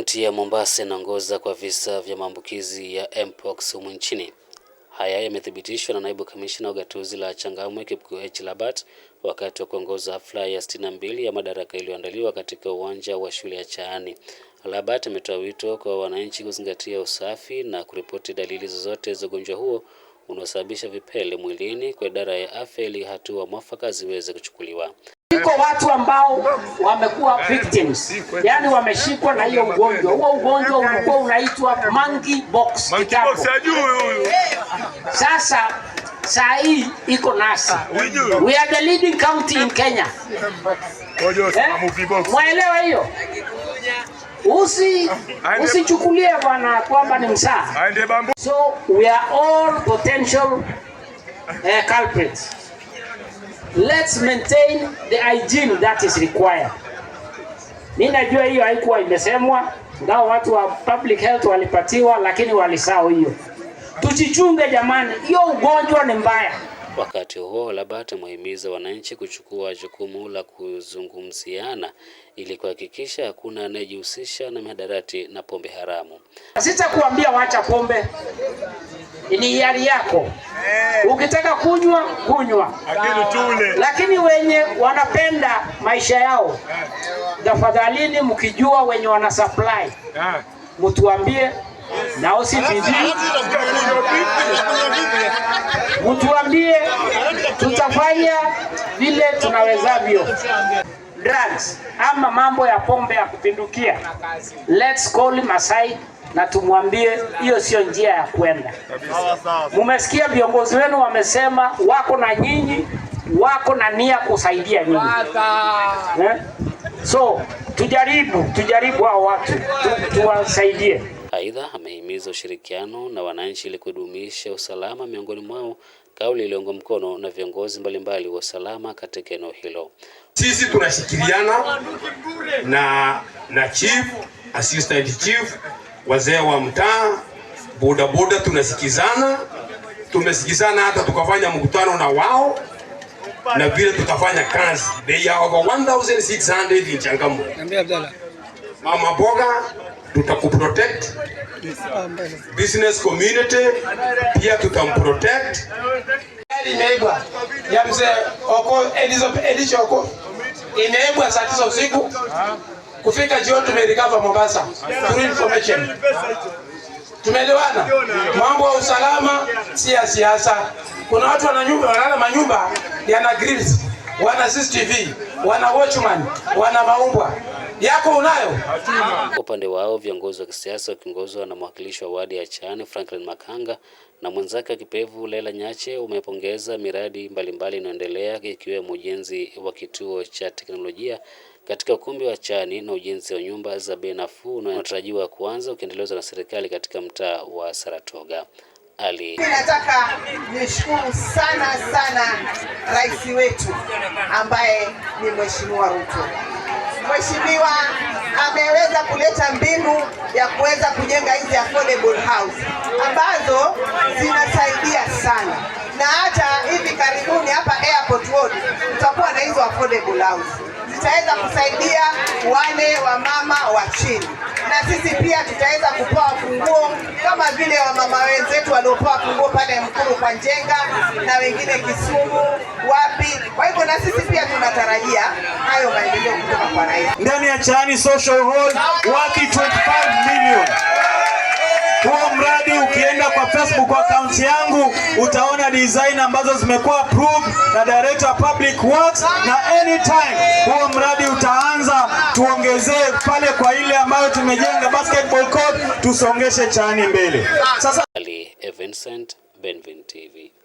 Kaunti ya Mombasa inaongoza kwa visa vya maambukizi ya mpox humu nchini. Haya yamethibitishwa na naibu kamishna wa ugatuzi la Changamwe Kipkoech Labat wakati wa kuongoza hafla ya sitini na mbili ya madaraka iliyoandaliwa katika uwanja wa shule ya Chaani. Labat ametoa wito kwa wananchi kuzingatia usafi na kuripoti dalili zozote za ugonjwa huo unaosababisha vipele mwilini kwa idara ya afya ili hatua mwafaka ziweze kuchukuliwa. Iko watu ambao wamekuwa victims, yani wameshikwa na hiyo ugonjwa. Huo ugonjwa ulikuwa unaitwa monkey box Sasa saa hii iko nasi, ah, we are the leading county in Kenya. Eh? Mwaelewa hiyo? Usi usichukulie bwana kwamba ni msaa. So we are all potential uh, culprits let's maintain the hygiene that is required. Mimi najua hiyo haikuwa imesemwa, ngao watu wa public health walipatiwa, lakini walisahau hiyo. Tujichunge jamani, hiyo ugonjwa ni mbaya. Wakati huo Labat amewahimiza wananchi kuchukua jukumu la kuzungumziana ili kuhakikisha hakuna anayejihusisha na mihadarati na pombe haramu. Sitakuambia wacha pombe ni hiari yako. Ukitaka kunywa kunywa, lakini wenye wanapenda maisha yao, tafadhalini, mkijua wenye wana supply mtuambie, na usibidii mtuambie, tutafanya vile tunawezavyo. Drugs ama mambo ya pombe ya kupindukia, let's call him aside na tumwambie hiyo sio njia ya kwenda. Mumesikia viongozi wenu wamesema wako na nyinyi, wako na nia kusaidia nyinyi eh? So tujaribu tujaribu hao watu tu, tuwasaidie. Aidha, amehimiza ushirikiano na wananchi ili kudumisha usalama miongoni mwao, kauli iliyoungwa mkono na viongozi mbalimbali wa usalama katika eneo hilo. Sisi tunashikiliana na na chief, assistant chief wazee wa mtaa, bodaboda, tunasikizana, tumesikizana hata tukafanya mkutano na wao na vile tutafanya kazi. They are over 1600 in Changamwe. Mama Boga, tutakuprotect business community pia tutamprotect. Imeibwa ya mzee Oko Elizo Elicho Oko imeibwa saa tisa usiku Kufika jioni tumerikava Mombasa through information. Tumeelewana. Mambo ya usalama si ya siasa. Kuna watu nyumba, wanalala manyumba yana grills, wana CCTV, wana watchman, wana maumbwa. Yako unayo? Kwa upande wao viongozi wa kisiasa wakiongozwa na mwakilishi wa wadi ya Chani Franklin Makanga na mwenzake Kipevu Lela Nyache umepongeza miradi mbalimbali inayoendelea ikiwemo ujenzi wa kituo cha teknolojia katika ukumbi wa Chani na ujenzi wa nyumba za bei nafuu unaotarajiwa kuanza ukiendelezwa na serikali katika mtaa wa Saratoga. Ali, nataka nishukuru sana sana rais wetu ambaye ni Mheshimiwa Ruto. Mheshimiwa ameweza kuleta mbinu ya kuweza kujenga hizi affordable house ambazo zinasaidia sana, na hata hivi karibuni hapa airport road tutakuwa na hizo affordable house zitaweza kusaidia wale mama wa chini, na sisi pia tutaweza kupewa funguo kama vile wamama wenzetu waliopewa funguo pale Mkuru kwa Njenga na wengine Kisumu wapi. Kwa hivyo na sisi pia tunatarajia hayo maendeleo kutoka kwa rais ndani ya Chani Social Hall 25 million. Huo mradi ukienda kwa Facebook account yangu utaona design ambazo zimekuwa approved na director of public works, na anytime huo mradi utaanza, tuongezee pale kwa ile ambayo tumejenga basketball court, tusongeshe chani mbele. Sasa Ali Vincent, Benvin TV.